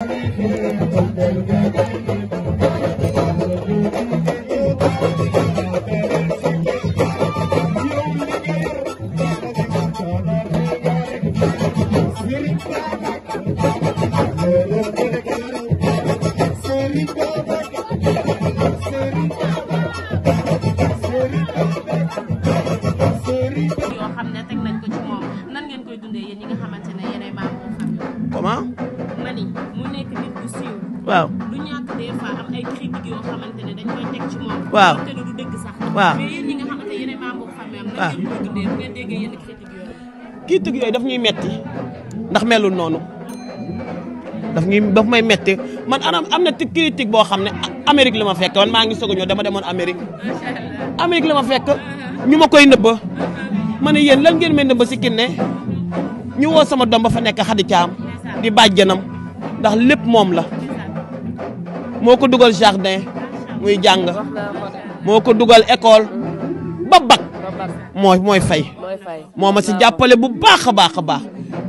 Thank you. waaw du ñàkk yooyu. critiques yooyu daf ñuy metti ndax melul noonu daf ñuy daf may metti man anam am na critique boo xam ne Amérique la ma fekk man maa ngi soog a ñëw dama demoon Amérique. amerig la ma fekk uh-huh. ñu ma koy nëbba. Uh-huh. ma ne yéen lan ngeen may nëbba si kinne ñu woo sama doom ba fa nekk xadi caam di bàjjanam ndax lépp moom la. moo ko dugal jardin muy jàng moo ko dugal école ba bac mooy mooy fay moo ma si jàppale bu baax a baax a baax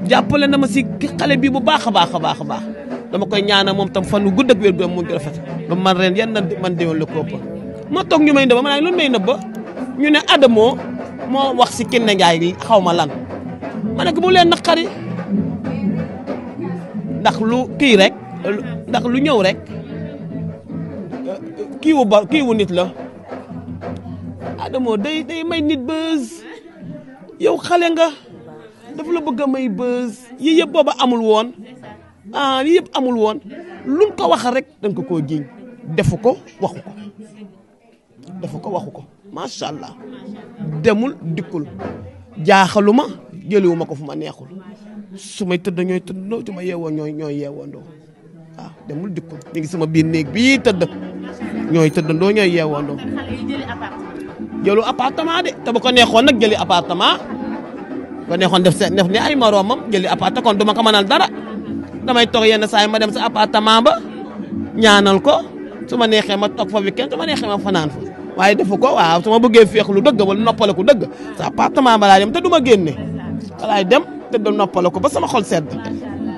jàppale na ma si xale bi bu baax a baax a baax a baax dama koy ñaana moom tam fan wu gudd ak wér gu moom gi rafet man reen yan na man déwoon la kopp ma toog ñu ma nëbba ma naa loolu may nëbba ñu ne Adamo moo moo wax si Kiné Ndiaye xaw ma lan ma ne ko bu leen naqari ndax lu kii rek ndax lu ñëw rek kii wu ba kii nit la adamoo day day may nit buzz yow xale nga daf la bëgg a may buzz yii yëpp booba amul woon ah yii yëpp amul woon luñ ko wax rek danga ko koo jiiñ defu ko waxu ko defu ko waxu ko macha allah demul dikkul jaaxaluma jëliwuma ko fu ma neexul su may tëdd ñooy tëdd su ma yeewoo ñooy ñooy yeewoondoo ah, demul dikkul ñu ngi sama biir néeg bii tëdd ñooy doo ñooy yeewandoo. jëlu appartement de te bu ko neexoon nag jëli appartement ko neexoon def seen def ne ay moroomam jëli appartement kon du ma ko mënal dara damay toog yenn saa ma dem sa appartement ba ñaanal ko su ma neexee ma toog fa weekend su ma neexee ma fanaan fa waaye defu ko waaw su ma bëggee lu dëgg wala noppale ko dëgg sa appartement ba laay dem te du ma génne walaay dem te du noppale ko ba sama xol sedd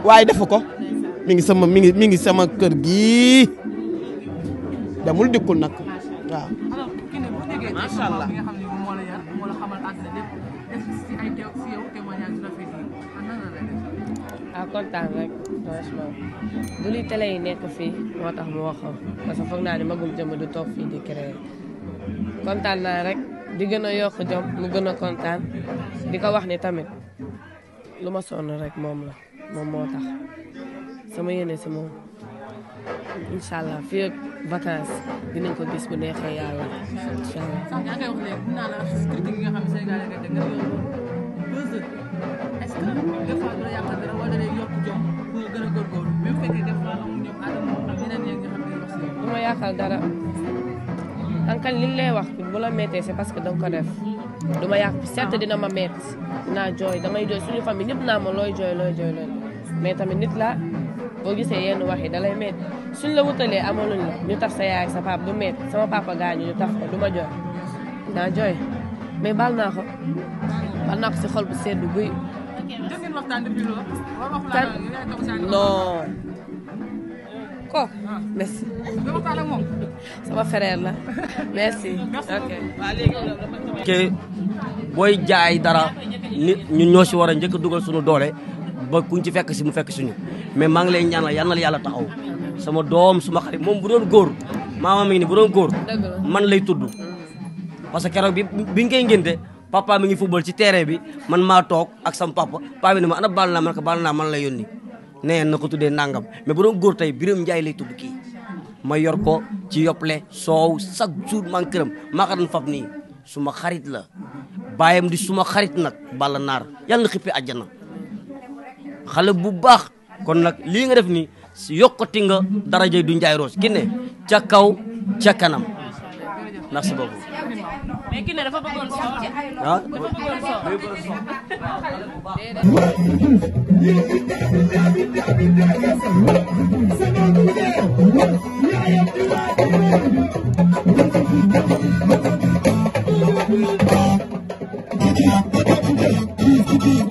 waaye defu ko mi ngi sama kër gi demul dikkul nag waaw. macha ah, ah, kontaan rek du li télé yi nekk fii moo tax mu waxoon parce que foog naa ne magum jëmm du toog fii di créer kontaan naa rek di gën a yokk jom mu gën a kontaan di ko wax ni tamit lu ma sonn rek moom la moom moo tax sama yéene si moom. incha allah fii ak vacances ko gis bu neexee yàlla incha sax naa la wax critique yi dara yokk jom pour gën dara ankal li lay wax bu la méttee c'est parce que danga ko def. du ma yàq dina ma métti naa jooy damay jooy suñu famille ñëpp naa ma jooy looy jooy looy mais nit la. boo gisee yenn wax yi dalay metti suñ la wutalee amaluñ la ñu taf sa yaay sa papa bu metti sama papa gaañu ñu taf ko du ma jooy naa jooy mais bal naa ko bal naa ko si xol bu sedd guy. ko merci. sama frère la merci. ok ok booy jaay dara nit ñun ñoo si war a njëkk dugal sunu doole ba kuñ ci fekk si mu fekk suñu. mais maa ngi lay ñaan yal na la yàlla taxaw sama doom suma xarit moom bu doon góor maa mi ngi ni bu doon góor man lay tudd parce que keroog bi biñ koy ngénte papa mi ngi football ci terrain bi man maa toog ak sam papa papa bi ne ma ana baal naa man ko baal naa man la yónni nee na ko tuddee nangam mais bu doon góor tey Birame Ndiaye lay tudd kii ma yor ko ci yople soow chaque jour maa ngi këram maa ko doon fab nii suma xarit la baayam di suma xarit nag bala naar yàlla xippi àjjana kon nag lii nga def ni yokkati nga darajay du njaay roos Kiné ca kaw ca kanam merci beaucoup mais